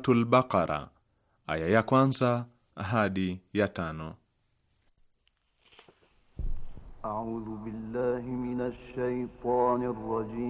Suratul Baqara aya ya kwanza hadi ya tano. A'udhu billahi minash shaitani rrajim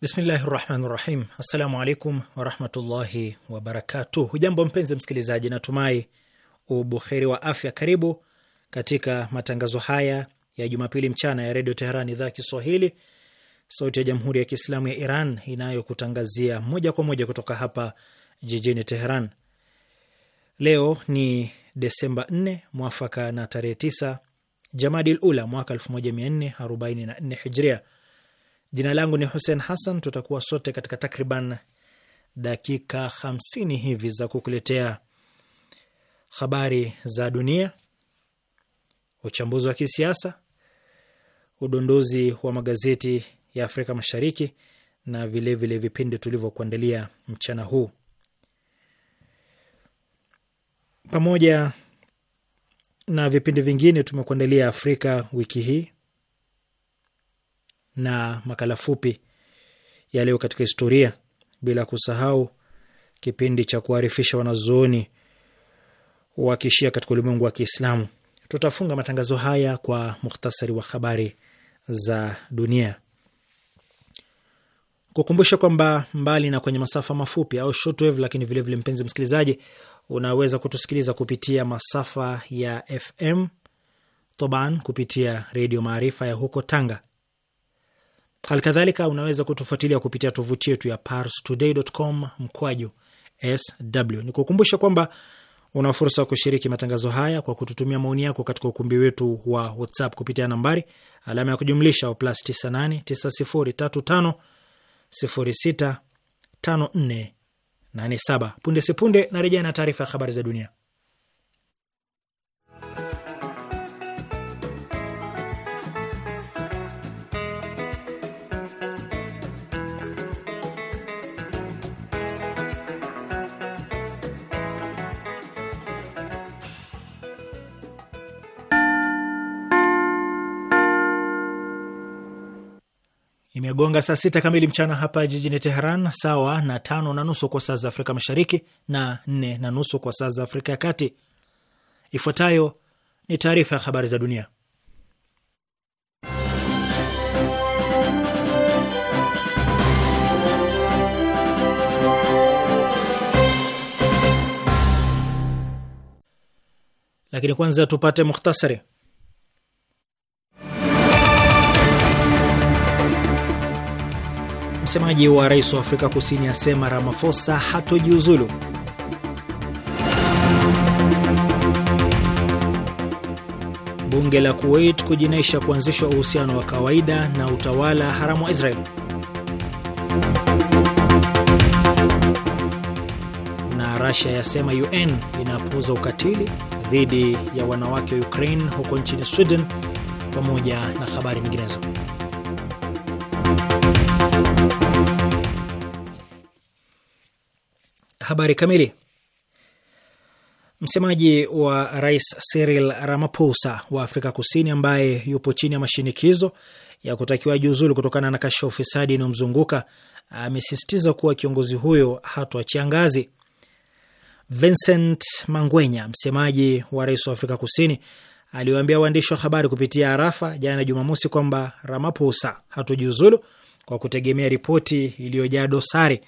Bismillahi rahmani rahim. Assalamu alaikum warahmatullahi wabarakatuh. Hujambo mpenzi msikilizaji, natumai ubuheri wa afya. Karibu katika matangazo haya ya Jumapili mchana ya Redio Teheran, idhaa Kiswahili, sauti ya Jamhuri ya Kiislamu ya Iran inayokutangazia moja kwa moja kutoka hapa jijini Teheran. Leo ni Desemba 4 mwafaka na tarehe 9 Jamadil Ula mwaka 1444 Hijria. Jina langu ni Hussein Hassan. Tutakuwa sote katika takriban dakika hamsini hivi za kukuletea habari za dunia, uchambuzi wa kisiasa, udondozi wa magazeti ya Afrika Mashariki na vilevile vipindi tulivyokuandalia mchana huu pamoja na vipindi vingine tumekuandalia Afrika wiki hii, na makala fupi ya leo katika historia, bila kusahau kipindi cha kuarifisha wanazuoni wa kishia katika ulimwengu wa Kiislamu. Tutafunga matangazo haya kwa mukhtasari wa habari za dunia, kukumbusha kwamba mbali na kwenye masafa mafupi au shortwave, lakini vilevile vile, mpenzi msikilizaji, unaweza kutusikiliza kupitia masafa ya FM Toban kupitia Redio Maarifa ya huko Tanga, Halikadhalika unaweza kutufuatilia kupitia tovuti yetu ya parstoday.com mkwaju sw. Ni kukumbusha kwamba una fursa ya kushiriki matangazo haya kwa kututumia maoni yako katika ukumbi wetu wa WhatsApp kupitia nambari alama ya kujumlisha plus 989035065487. Punde sipunde na rejea na taarifa ya habari za dunia. Imegonga saa sita kamili mchana hapa jijini Teheran, sawa na tano na nusu kwa saa za Afrika Mashariki na nne na nusu kwa saa za Afrika ya Kati. Ifuatayo ni taarifa ya habari za dunia, lakini kwanza tupate mukhtasari. Msemaji wa rais wa Afrika Kusini asema Ramaphosa hatojiuzulu. Bunge la Kuwait kujinaisha kuanzishwa uhusiano wa kawaida na utawala haramu wa Israel. Na Russia yasema UN inapuuza ukatili dhidi ya wanawake wa Ukraine huko nchini Sweden, pamoja na habari nyinginezo. Habari kamili. Msemaji wa rais Cyril Ramaphosa wa Afrika Kusini, ambaye yupo chini ya mashinikizo ya kutakiwa jiuzulu kutokana na kasha ufisadi inayomzunguka amesisitiza kuwa kiongozi huyo hatuachia ngazi. Vincent Mangwenya, msemaji wa rais wa Afrika Kusini, aliwaambia waandishi wa habari kupitia arafa jana Jumamosi kwamba Ramaphosa hatujiuzulu kwa kutegemea ripoti iliyojaa dosari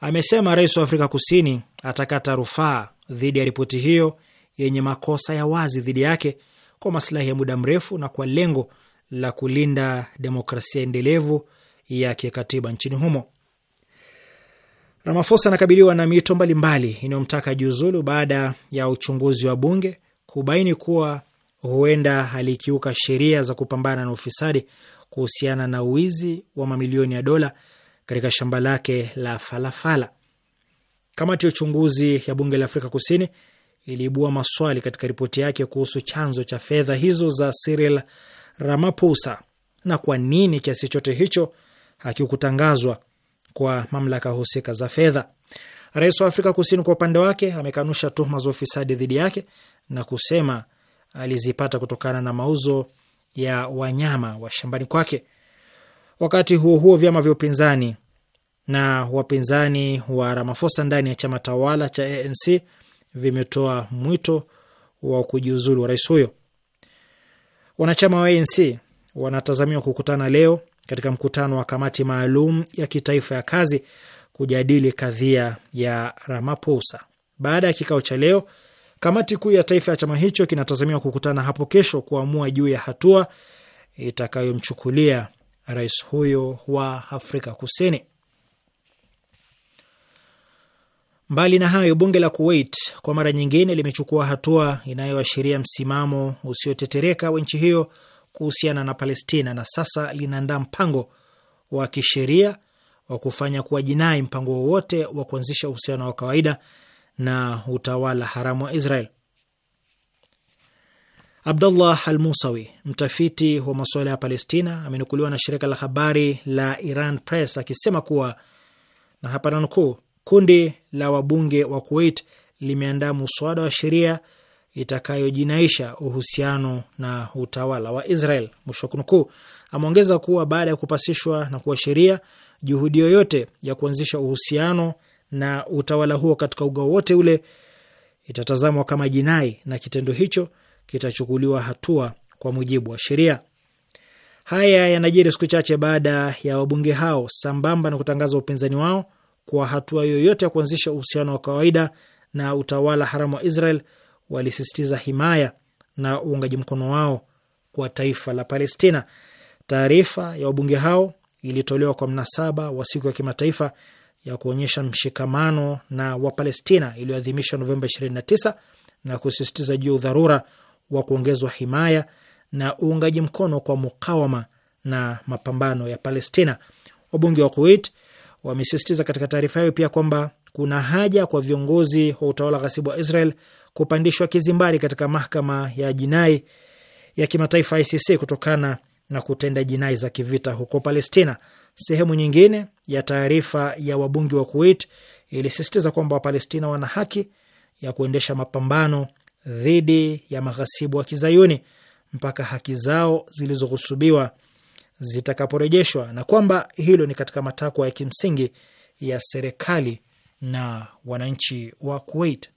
amesema rais wa Afrika Kusini atakata rufaa dhidi ya ripoti hiyo yenye makosa ya wazi dhidi yake kwa masilahi ya muda mrefu na kwa lengo la kulinda demokrasia endelevu ya kikatiba nchini humo. ramafosa anakabiliwa na miito mbalimbali inayomtaka jiuzulu baada ya uchunguzi wa bunge kubaini kuwa huenda alikiuka sheria za kupambana na ufisadi kuhusiana na wizi wa mamilioni ya dola katika shamba lake la falafala. Kamati ya uchunguzi ya bunge la Afrika Kusini iliibua maswali katika ripoti yake kuhusu chanzo cha fedha hizo za Cyril Ramaphosa na kwa nini kiasi chote hicho hakikutangazwa kwa mamlaka husika za fedha. Rais wa Afrika Kusini kwa upande wake amekanusha tuhuma za ufisadi dhidi yake na kusema alizipata kutokana na mauzo ya wanyama wa shambani kwake. Wakati huo huo, vyama vya upinzani na wapinzani wa Ramaphosa ndani ya chama tawala cha ANC vimetoa mwito wa kujiuzulu wa rais huyo. Wanachama wa ANC wanatazamiwa kukutana leo katika mkutano wa kamati maalum ya kitaifa ya kazi kujadili kadhia ya Ramaphosa. Baada ya kikao cha leo, kamati kuu ya taifa ya chama hicho kinatazamiwa kukutana hapo kesho kuamua juu ya hatua itakayomchukulia rais huyo wa Afrika Kusini. Mbali na hayo, bunge la Kuwait kwa mara nyingine limechukua hatua inayoashiria msimamo usiotetereka wa nchi hiyo kuhusiana na Palestina na sasa linaandaa mpango wa kisheria wa kufanya kuwa jinai mpango wowote wa kuanzisha uhusiano wa kawaida na utawala haramu wa Israel. Abdullah Al Musawi, mtafiti wa masuala ya Palestina, amenukuliwa na shirika la habari la Iran Press akisema kuwa na hapa nanukuu Kundi la wabunge wa Kuwait limeandaa muswada wa sheria itakayojinaisha uhusiano na utawala wa Israel, mwisho kunukuu. Ameongeza kuwa baada ya kupasishwa na kuwa sheria, juhudi yoyote ya kuanzisha uhusiano na utawala huo katika uga wowote ule itatazamwa kama jinai na kitendo hicho kitachukuliwa hatua kwa mujibu wa sheria. Haya yanajiri siku chache baada ya wabunge hao, sambamba na kutangaza upinzani wao kwa hatua yoyote ya kuanzisha uhusiano wa kawaida na utawala haramu wa Israel, walisisitiza himaya na uungaji mkono wao kwa taifa la Palestina. Taarifa ya wabunge hao ilitolewa kwa mnasaba wa siku ya kimataifa ya kuonyesha mshikamano na Wapalestina iliyoadhimishwa Novemba 29 na kusisitiza juu ya udharura wa kuongezwa himaya na uungaji mkono kwa mukawama na mapambano ya Palestina. Wabunge wa Kuwait wamesisitiza katika taarifa hiyo pia kwamba kuna haja kwa viongozi wa utawala ghasibu wa Israel kupandishwa kizimbari katika mahakama ya jinai ya kimataifa ICC kutokana na kutenda jinai za kivita huko Palestina. Sehemu nyingine ya taarifa ya wabunge wa Kuwait ilisisitiza kwamba Wapalestina wana haki ya kuendesha mapambano dhidi ya maghasibu wa kizayuni mpaka haki zao zilizohusubiwa zitakaporejeshwa na kwamba hilo ni katika matakwa ya kimsingi ya serikali na wananchi wa Kuwait.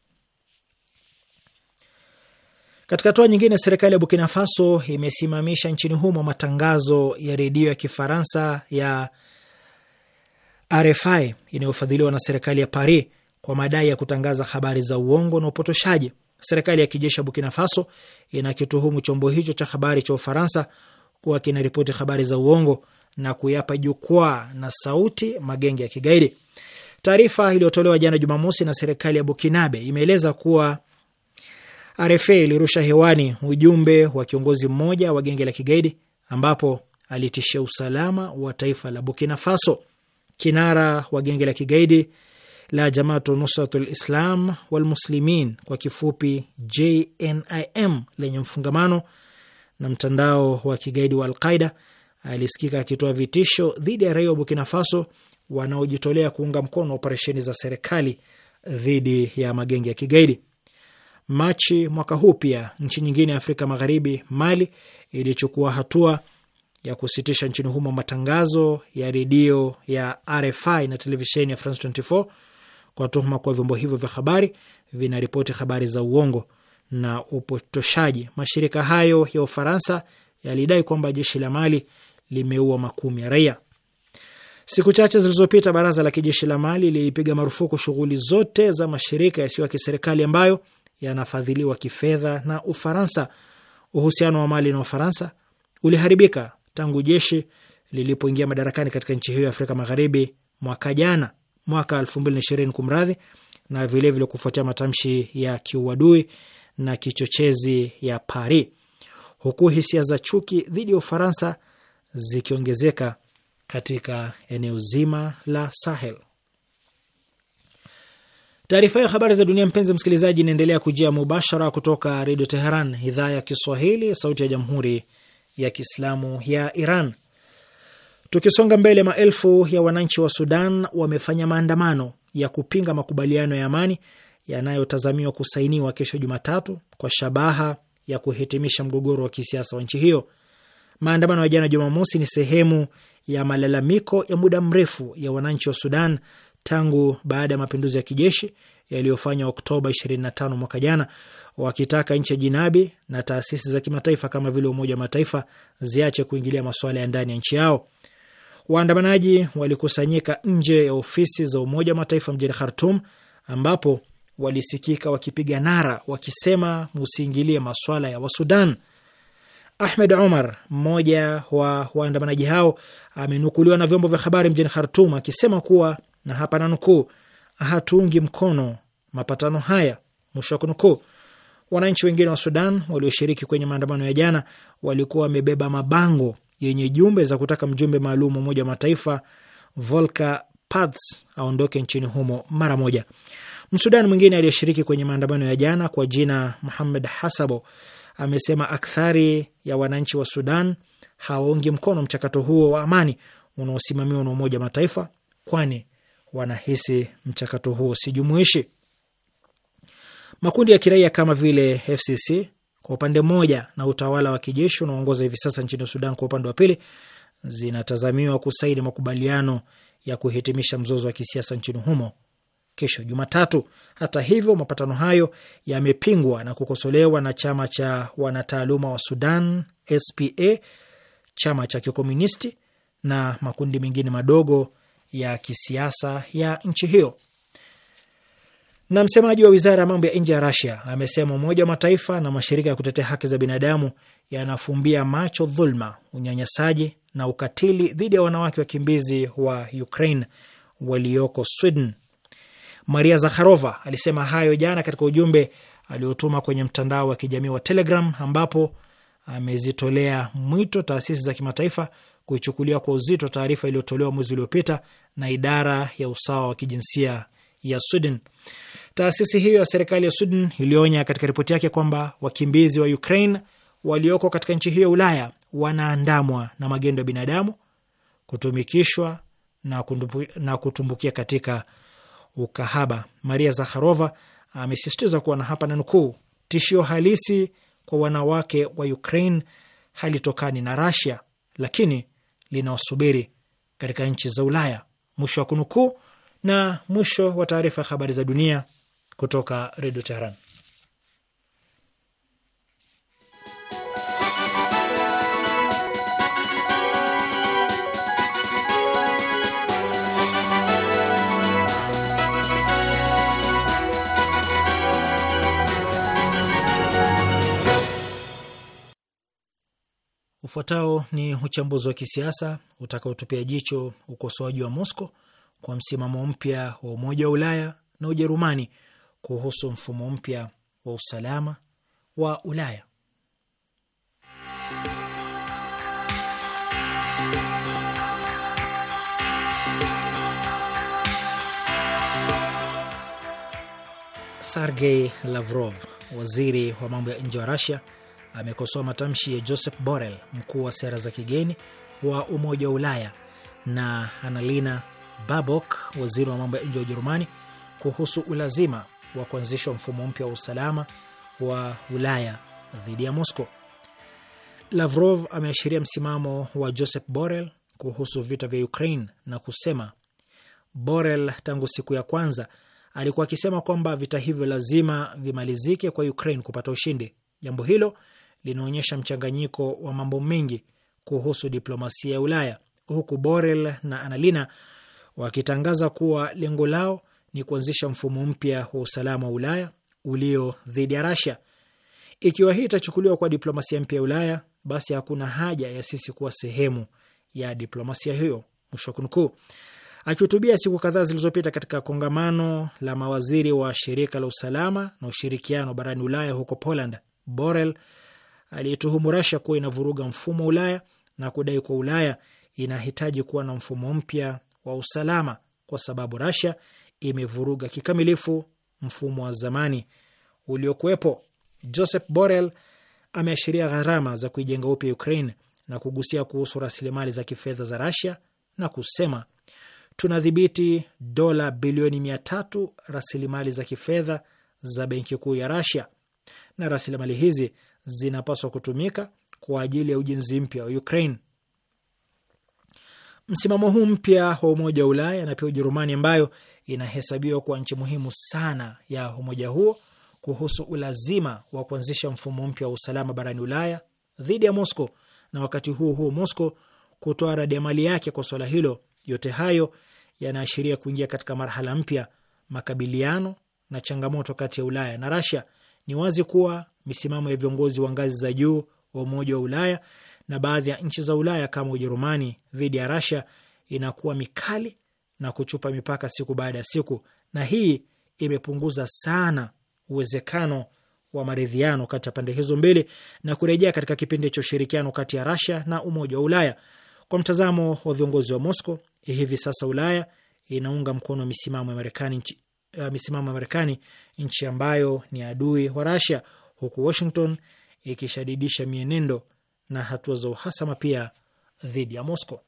Katika hatua nyingine, serikali ya Burkina Faso imesimamisha nchini humo matangazo ya redio ya Kifaransa ya RFI inayofadhiliwa na serikali ya Paris kwa madai ya kutangaza habari za uongo na upotoshaji. Serikali ya kijeshi ya Burkina Faso inakituhumu chombo hicho cha habari cha Ufaransa kuwa kinaripoti habari za uongo na kuyapa jukwaa na sauti magenge ya kigaidi. Taarifa iliyotolewa jana Jumamosi na serikali ya Bukinabe imeeleza kuwa RFA ilirusha hewani ujumbe wa kiongozi mmoja wa genge la kigaidi ambapo alitishia usalama wa taifa la Burkina Faso. Kinara wa genge la kigaidi la Jamaatu Nusratul Islam Walmuslimin, kwa kifupi JNIM, lenye mfungamano na mtandao wa kigaidi wa Alqaida alisikika akitoa vitisho dhidi ya raia wa Burkina Faso wanaojitolea kuunga mkono operesheni za serikali dhidi ya magenge ya kigaidi. Machi mwaka huu pia nchi nyingine ya Afrika Magharibi, Mali, ilichukua hatua ya kusitisha nchini humo matangazo ya redio ya RFI na televisheni ya France 24 kwa tuhuma kuwa vyombo hivyo vya habari vinaripoti habari za uongo na upotoshaji. Mashirika hayo ya Ufaransa yalidai kwamba jeshi la Mali limeua makumi ya raia. Siku chache zilizopita, baraza la kijeshi la Mali lilipiga marufuku shughuli zote za mashirika yasiyo ya kiserikali ambayo yanafadhiliwa kifedha na Ufaransa. Uhusiano wa Mali na Ufaransa uliharibika tangu jeshi lilipoingia madarakani katika nchi hiyo ya Afrika Magharibi mwaka jana, mwaka 2020 kumradhi, na vilevile kufuatia matamshi ya kiuadui na kichochezi ya Paris, huku hisia za chuki dhidi ya Ufaransa zikiongezeka katika eneo zima la Sahel. Taarifa ya habari za dunia, mpenzi msikilizaji, inaendelea kujia mubashara kutoka Redio Teheran, idhaa ya Kiswahili, sauti ya Jamhuri ya Kiislamu ya Iran. Tukisonga mbele, maelfu ya wananchi wa Sudan wamefanya maandamano ya kupinga makubaliano ya amani yanayotazamiwa kusainiwa kesho Jumatatu kwa shabaha ya kuhitimisha mgogoro wa kisiasa wa nchi hiyo. Maandamano ya jana Jumamosi ni sehemu ya malalamiko ya muda mrefu ya wananchi wa Sudan tangu baada ya mapinduzi ya kijeshi yaliyofanywa Oktoba 25 mwaka jana, wakitaka nchi ya jinabi na taasisi za kimataifa kama vile Umoja wa Mataifa ziache kuingilia masuala ya ndani ya nchi yao. Waandamanaji walikusanyika nje ya ofisi za Umoja wa Mataifa mjini Khartum, ambapo walisikika wakipiga nara wakisema, musiingilie maswala ya Wasudan. Ahmed Omar, mmoja wa waandamanaji hao, amenukuliwa na vyombo vya habari mjini Khartum akisema kuwa, na hapa nanukuu, hatuungi mkono mapatano haya, mwisho wa kunukuu. Wananchi wengine wa Sudan walioshiriki kwenye maandamano ya jana walikuwa wamebeba mabango yenye jumbe za kutaka mjumbe maalum wa Umoja wa Mataifa Volker Perthes aondoke nchini humo mara moja. Msudani mwingine aliyeshiriki kwenye maandamano ya jana kwa jina Muhamed Hasabo amesema akthari ya wananchi wa Sudan hawaungi mkono mchakato huo wa amani unaosimamiwa na Umoja wa Mataifa, kwani wanahisi mchakato huo si jumuishi. Makundi ya kiraia kama vile FCC kwa upande mmoja na utawala wa kijeshi unaoongoza hivi sasa nchini Sudan kwa upande wa pili zinatazamiwa kusaini makubaliano ya kuhitimisha mzozo wa kisiasa nchini humo kesho Jumatatu. Hata hivyo, mapatano hayo yamepingwa na kukosolewa na chama cha wanataaluma wa Sudan SPA, chama cha kikomunisti na makundi mengine madogo ya kisiasa ya nchi hiyo. Na msemaji wa wizara ya mambo ya nje ya Rasia amesema Umoja wa Mataifa na mashirika ya kutetea haki za binadamu yanafumbia macho dhulma, unyanyasaji na ukatili dhidi ya wanawake wakimbizi wa Ukraine walioko Sweden Maria Zakharova alisema hayo jana katika ujumbe aliotuma kwenye mtandao wa kijamii wa Telegram, ambapo amezitolea mwito taasisi za kimataifa kuichukulia kwa uzito taarifa iliyotolewa mwezi uliopita na idara ya usawa wa kijinsia ya Sweden. Taasisi hiyo ya serikali ya Sweden ilionya katika ripoti yake kwamba wakimbizi wa Ukraine walioko katika nchi hiyo ya Ulaya wanaandamwa na magendo ya binadamu, kutumikishwa na kutumbukia katika ukahaba. Maria Zakharova amesisitiza kuwa na hapa na nukuu, tishio halisi kwa wanawake wa Ukraine halitokani na Rasia, lakini linaosubiri katika nchi za Ulaya, mwisho wa kunukuu. Na mwisho wa taarifa ya habari za dunia kutoka Redio Teheran. Ufuatao ni uchambuzi wa kisiasa utakaotupia jicho ukosoaji wa Moscow kwa msimamo mpya wa Umoja wa Ulaya na Ujerumani kuhusu mfumo mpya wa usalama wa Ulaya. Sergei Lavrov, waziri wa mambo ya nje wa Russia amekosoa matamshi ya Joseph Borrell, mkuu wa sera za kigeni wa Umoja wa Ulaya, na Annalena Baerbock, waziri wa mambo ya nje wa Ujerumani, kuhusu ulazima wa kuanzishwa mfumo mpya wa usalama wa Ulaya dhidi ya Moscow. Lavrov ameashiria msimamo wa Joseph Borrell kuhusu vita vya Ukraine na kusema Borrell tangu siku ya kwanza alikuwa akisema kwamba vita hivyo lazima vimalizike kwa Ukraine kupata ushindi. Jambo hilo linaonyesha mchanganyiko wa mambo mengi kuhusu diplomasia ya Ulaya, huku Borel na Analina wakitangaza kuwa lengo lao ni kuanzisha mfumo mpya wa usalama wa Ulaya ulio dhidi ya Rasia. Ikiwa hii itachukuliwa kwa diplomasia mpya ya Ulaya, basi hakuna haja ya sisi kuwa sehemu ya diplomasia hiyo, mwisho wa kunukuu. Akihutubia siku kadhaa zilizopita katika kongamano la mawaziri wa shirika la usalama na ushirikiano barani Ulaya huko Poland, Borel aliyetuhumu Rasha kuwa inavuruga mfumo wa Ulaya na kudai kuwa Ulaya inahitaji kuwa na mfumo mpya wa usalama kwa sababu Rasha imevuruga kikamilifu mfumo wa zamani uliokuwepo. Joseph Borrell ameashiria gharama za kuijenga upya Ukraine na kugusia kuhusu rasilimali za kifedha za Rasia na kusema tunadhibiti dola bilioni mia tatu rasilimali za kifedha za benki kuu ya Rasia, na rasilimali hizi zinapaswa kutumika kwa ajili ya ujenzi mpya wa Ukraine. Msimamo huu mpya wa Umoja wa Ulaya na pia Ujerumani, ambayo inahesabiwa kuwa nchi muhimu sana ya umoja huo, kuhusu ulazima wa kuanzisha mfumo mpya wa usalama barani Ulaya dhidi ya Moscow na wakati huo huo Moscow kutoa mali yake kwa swala hilo. Yote hayo yanaashiria kuingia katika marhala mpya makabiliano na changamoto kati ya Ulaya na Rasia. Ni wazi kuwa misimamo ya viongozi wa ngazi za juu wa Umoja wa Ulaya na baadhi ya nchi za Ulaya kama Ujerumani dhidi ya rasia inakuwa mikali na kuchupa mipaka siku baada ya siku, na hii imepunguza sana uwezekano wa maridhiano kati ya pande hizo mbili na kurejea katika kipindi cha ushirikiano kati ya rasia na Umoja wa Ulaya. Kwa mtazamo wa viongozi wa Moscow, hivi sasa Ulaya inaunga mkono misimamo ya Marekani uh, misimamo ya Marekani, nchi ambayo ni adui wa Rasia, huku Washington ikishadidisha mienendo na hatua za uhasama pia dhidi ya Moscow.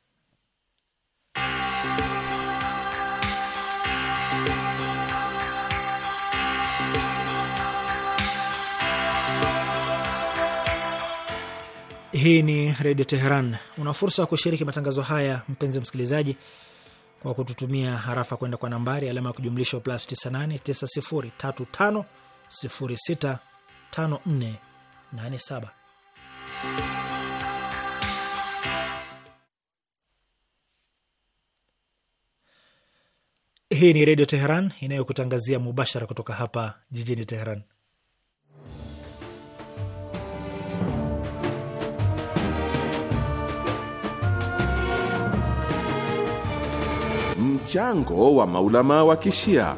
Hii ni Redio Teheran. Una fursa ya kushiriki matangazo haya, mpenzi msikilizaji, wa kututumia harafa kwenda kwa nambari alama ya kujumlisha plus 989035065487. Hii ni Redio Teheran inayokutangazia mubashara kutoka hapa jijini Teheran. mchango wa maulama wa Kishia.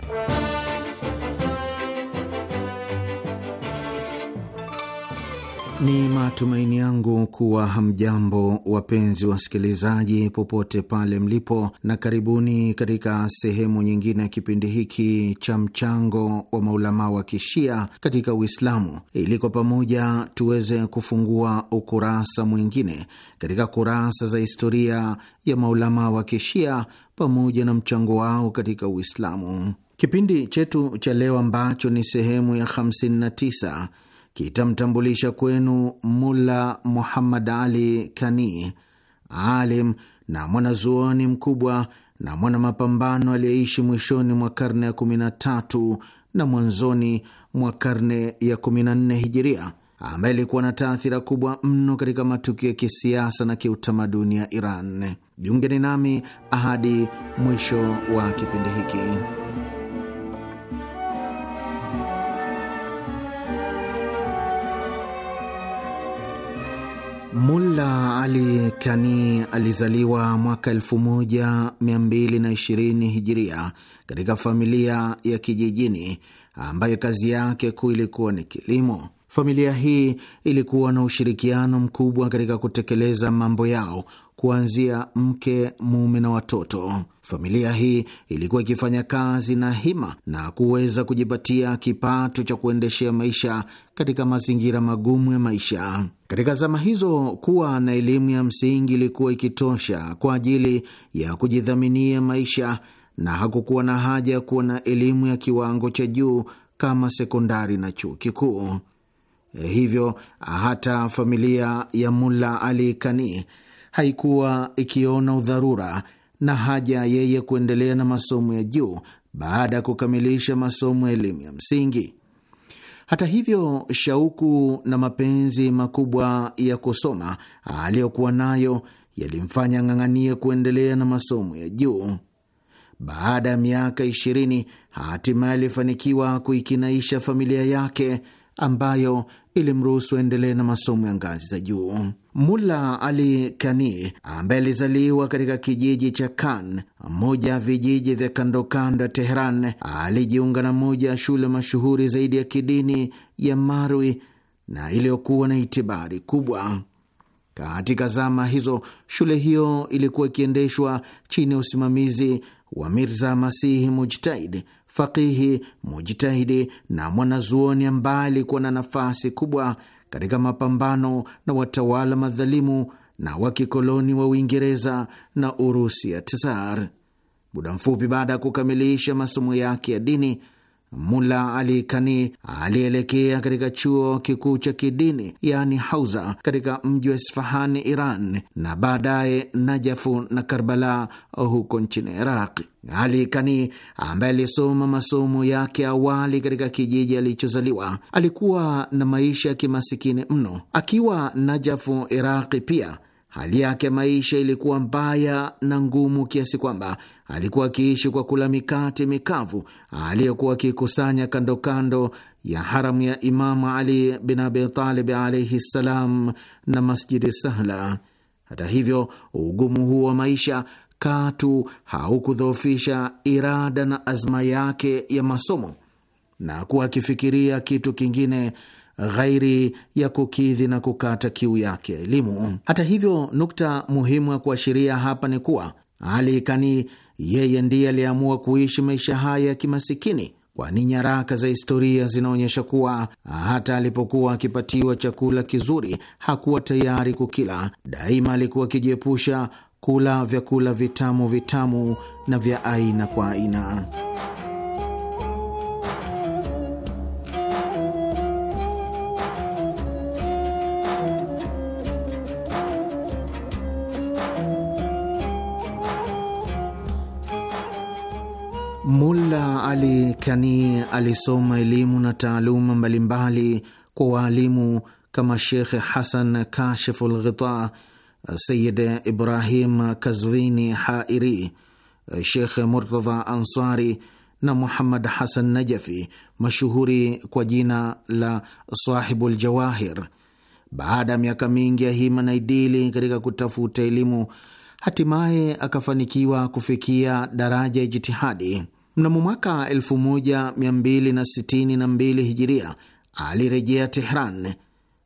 Ni matumaini yangu kuwa hamjambo wapenzi wasikilizaji, popote pale mlipo, na karibuni katika sehemu nyingine ya kipindi hiki cha mchango wa maulamaa wa kishia katika Uislamu, ili kwa pamoja tuweze kufungua ukurasa mwingine katika kurasa za historia ya maulamaa wa kishia pamoja na mchango wao katika Uislamu. Kipindi chetu cha leo ambacho ni sehemu ya 59 kitamtambulisha kwenu Mulla Muhammad Ali Kani, alim na mwanazuoni mkubwa na mwana mapambano aliyeishi mwishoni mwa karne ya 13 na mwanzoni mwa karne ya 14 hijiria ambaye ilikuwa na taathira kubwa mno katika matukio ya kisiasa na kiutamaduni ya Iran. Jiungeni nami hadi mwisho wa kipindi hiki. Mulla Ali Kani alizaliwa mwaka 1220 hijiria katika familia ya kijijini ambayo kazi yake kuu ilikuwa ni kilimo. Familia hii ilikuwa na ushirikiano mkubwa katika kutekeleza mambo yao, kuanzia mke, mume na watoto. Familia hii ilikuwa ikifanya kazi na hima na kuweza kujipatia kipato cha kuendeshea maisha katika mazingira magumu ya maisha. Katika zama hizo, kuwa na elimu ya msingi ilikuwa ikitosha kwa ajili ya kujidhaminia maisha na hakukuwa na haja ya kuwa na elimu ya kiwango cha juu kama sekondari na chuo kikuu. Eh, hivyo hata familia ya Mulla Ali Kani haikuwa ikiona udharura na haja yeye kuendelea na masomo ya juu baada ya kukamilisha masomo ya elimu ya msingi. Hata hivyo, shauku na mapenzi makubwa ya kusoma aliyokuwa nayo yalimfanya ng'ang'anie kuendelea na masomo ya juu. Baada ya miaka ishirini, hatimaye alifanikiwa kuikinaisha familia yake ambayo ilimruhusu endelee na masomo ya ngazi za juu. Mula Ali Kani ambaye alizaliwa katika kijiji cha Kan, moja ya vijiji vya kandokando ya Teheran, alijiunga na moja ya shule mashuhuri zaidi ya kidini ya Marwi na iliyokuwa na itibari kubwa katika zama hizo. Shule hiyo ilikuwa ikiendeshwa chini ya usimamizi wa Mirza Masihi Mujtaid fakihi, mujitahidi na mwanazuoni ambaye alikuwa na nafasi kubwa katika mapambano na watawala madhalimu na wakikoloni wa Uingereza na Urusi ya Tsar. Muda mfupi baada ya kukamilisha masomo yake ya dini Mula Ali Kani alielekea katika chuo kikuu cha kidini yaani Hauza katika mji wa Isfahani, Iran, na baadaye Najafu na Karbala huko nchini Iraq. Ali Kani ambaye alisoma masomo yake awali katika kijiji alichozaliwa alikuwa na maisha ya kimasikini mno. Akiwa Najafu, Iraqi, pia hali yake maisha ilikuwa mbaya na ngumu kiasi kwamba alikuwa akiishi kwa kula mikate mikavu aliyokuwa akikusanya kando kando ya haramu ya Imamu Ali bin Abitalib alaihi ssalam na Masjidi Sahla. Hata hivyo, ugumu huu wa maisha katu haukudhoofisha irada na azma yake ya masomo na kuwa akifikiria kitu kingine ghairi ya kukidhi na kukata kiu yake elimu. Hata hivyo, nukta muhimu ya kuashiria hapa ni kuwa Ali Kani yeye ndiye aliamua kuishi maisha haya ya kimasikini, kwani nyaraka za historia zinaonyesha kuwa hata alipokuwa akipatiwa chakula kizuri hakuwa tayari kukila. Daima alikuwa akijiepusha kula vyakula vitamu vitamu na vya aina kwa aina. Mulla Ali Kani alisoma elimu na taaluma mbalimbali kwa waalimu kama Shekh Hasan Kashif lghita Sayid Ibrahim Kazvini Hairi, Shekh Murtadha Ansari na Muhammad Hasan Najafi, mashuhuri kwa jina la Sahibu Ljawahir. Baada ya miaka mingi ya hima na idili katika kutafuta elimu, hatimaye akafanikiwa kufikia daraja ya jitihadi. Mnamo mwaka 1262 hijiria alirejea Tehran.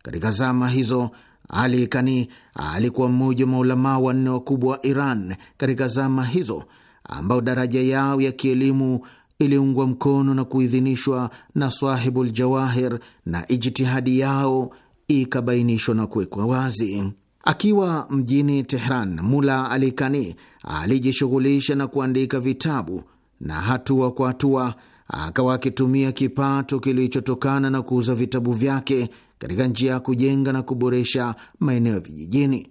Katika zama hizo Ali Kani alikuwa mmoja wa maulamaa wanne wakubwa wa Iran katika zama hizo ambao daraja yao ya kielimu iliungwa mkono na kuidhinishwa na Swahibul Jawahir na ijtihadi yao ikabainishwa na kuwekwa wazi. Akiwa mjini Tehran, Mula Ali Kani alijishughulisha na kuandika vitabu na hatua kwa hatua akawa akitumia kipato kilichotokana na kuuza vitabu vyake katika njia ya kujenga na kuboresha maeneo ya vijijini.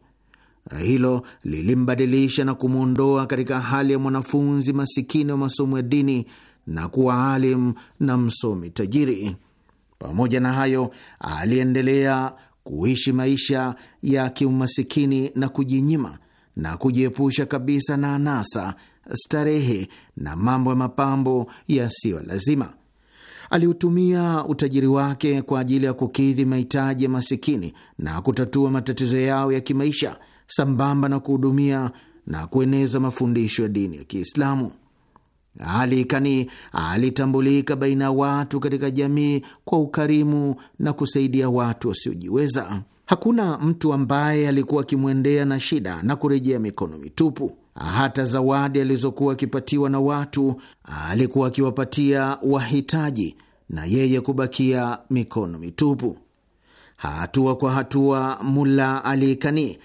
Hilo lilimbadilisha na kumwondoa katika hali ya mwanafunzi masikini wa masomo ya dini na kuwa alim na msomi tajiri. Pamoja na hayo, aliendelea kuishi maisha ya kiumasikini na kujinyima na kujiepusha kabisa na anasa, starehe na mambo ya mapambo yasiyo lazima. Aliutumia utajiri wake kwa ajili ya kukidhi mahitaji ya masikini na kutatua matatizo yao ya kimaisha sambamba na kuhudumia na kueneza mafundisho ya dini ya Kiislamu. Ali Kani alitambulika baina ya watu katika jamii kwa ukarimu na kusaidia watu wasiojiweza. Hakuna mtu ambaye alikuwa akimwendea na shida na kurejea mikono mitupu. Hata zawadi alizokuwa akipatiwa na watu alikuwa akiwapatia wahitaji, na yeye kubakia mikono mitupu. Hatua kwa hatua, Mulla Ali Kani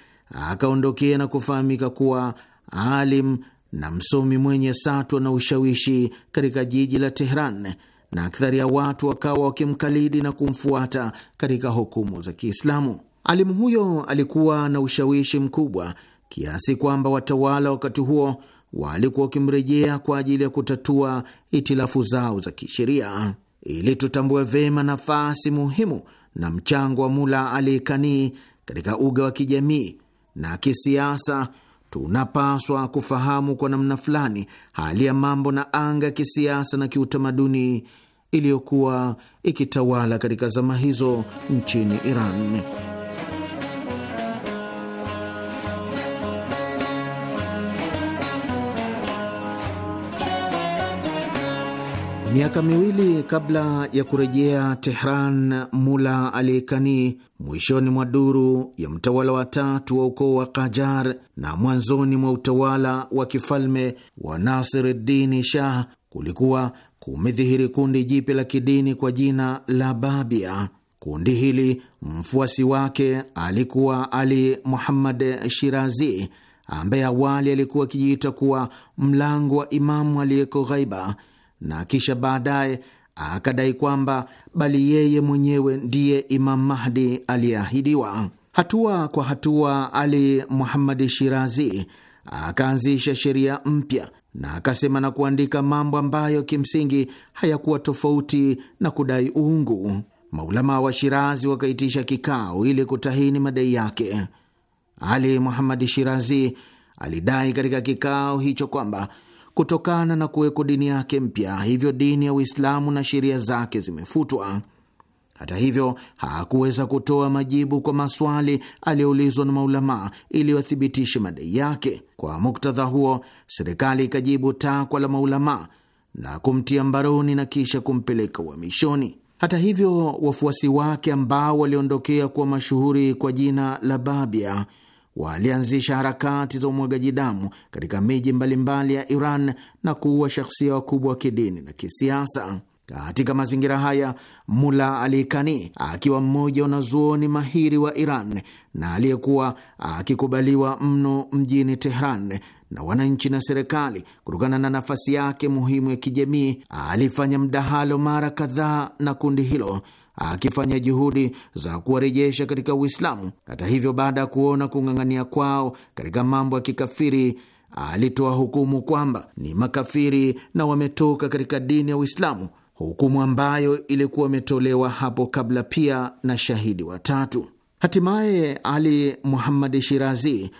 akaondokea na kufahamika kuwa alim na msomi mwenye satwa na ushawishi katika jiji la Tehran, na akthari ya watu wakawa wakimkalidi na kumfuata katika hukumu za Kiislamu. Alimu huyo alikuwa na ushawishi mkubwa kiasi kwamba watawala wakati huo walikuwa wakimrejea kwa ajili ya kutatua itilafu zao za kisheria. Ili tutambue vyema nafasi muhimu na mchango wa Mula Ali Kani katika uga wa kijamii na kisiasa, tunapaswa kufahamu kwa namna fulani hali ya mambo na anga ya kisiasa na kiutamaduni iliyokuwa ikitawala katika zama hizo nchini Iran. Miaka miwili kabla ya kurejea Tehran, Mula Alikani, mwishoni mwa duru ya mtawala wa tatu wa ukoo wa Kajar na mwanzoni mwa utawala wa kifalme wa Nasiruddini Shah, kulikuwa kumedhihiri kundi jipya la kidini kwa jina la Babia. Kundi hili mfuasi wake alikuwa Ali Muhammad Shirazi, ambaye awali alikuwa akijiita kuwa mlango wa Imamu aliyeko ghaiba na kisha baadaye akadai kwamba bali yeye mwenyewe ndiye Imam Mahdi aliyeahidiwa. Hatua kwa hatua, Ali Muhammad Shirazi akaanzisha sheria mpya na akasema na kuandika mambo ambayo kimsingi hayakuwa tofauti na kudai uungu. Maulama wa Shirazi wakaitisha kikao ili kutahini madai yake. Ali Muhammad Shirazi alidai katika kikao hicho kwamba kutokana na kuweko dini yake mpya. Hivyo dini ya Uislamu na sheria zake zimefutwa. Hata hivyo, hakuweza kutoa majibu kwa maswali aliyoulizwa na maulamaa ili wathibitishe madai yake. Kwa muktadha huo, serikali ikajibu takwa la maulamaa na kumtia mbaroni na kisha kumpeleka uhamishoni. Hata hivyo, wafuasi wake ambao waliondokea kuwa mashuhuri kwa jina la Babia walianzisha harakati za umwagaji damu katika miji mbalimbali ya Iran na kuua shahsia wakubwa wa kidini na kisiasa. Katika mazingira haya, Mula Ali Kani akiwa mmoja wanazuoni mahiri wa Iran na aliyekuwa akikubaliwa mno mjini Tehran na wananchi na serikali kutokana na nafasi yake muhimu ya kijamii, alifanya mdahalo mara kadhaa na kundi hilo akifanya juhudi za kuwarejesha katika Uislamu. Hata hivyo, baada ya kuona kung'ang'ania kwao katika mambo ya kikafiri, alitoa hukumu kwamba ni makafiri na wametoka katika dini ya Uislamu, hukumu ambayo ilikuwa imetolewa hapo kabla pia na shahidi watatu. Hatimaye Ali Muhammad Shirazi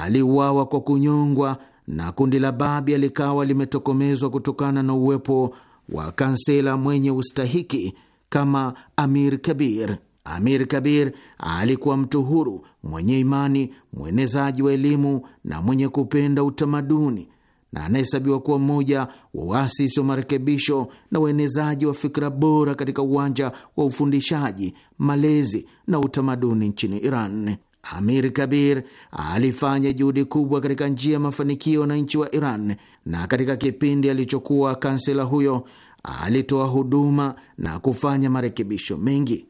aliuawa kwa kunyongwa na kundi la Babia likawa limetokomezwa kutokana na uwepo wa kansela mwenye ustahiki kama Amir Kabir. Amir Kabir alikuwa mtu huru mwenye imani, mwenezaji wa elimu na mwenye kupenda utamaduni na anahesabiwa kuwa mmoja wa waasisi wa marekebisho na uenezaji wa fikra bora katika uwanja wa ufundishaji, malezi na utamaduni nchini Iran. Amir Kabir alifanya juhudi kubwa katika njia ya mafanikio na wananchi wa Iran, na katika kipindi alichokuwa kansela huyo alitoa huduma na kufanya marekebisho mengi.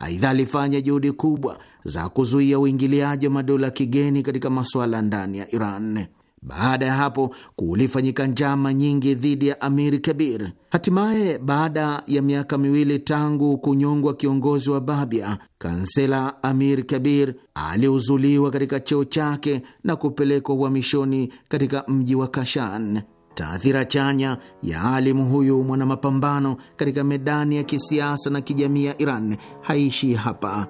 Aidha, alifanya juhudi kubwa za kuzuia uingiliaji wa madola kigeni katika masuala ndani ya Iran. Baada ya hapo kulifanyika njama nyingi dhidi ya Amir Kabir. Hatimaye, baada ya miaka miwili tangu kunyongwa kiongozi wa Babia, kansela Amir Kabir aliuzuliwa katika cheo chake na kupelekwa uhamishoni katika mji wa Kashan. Taadhira chanya ya alimu huyu mwana mapambano katika medani ya kisiasa na kijamii ya Iran haishi hapa.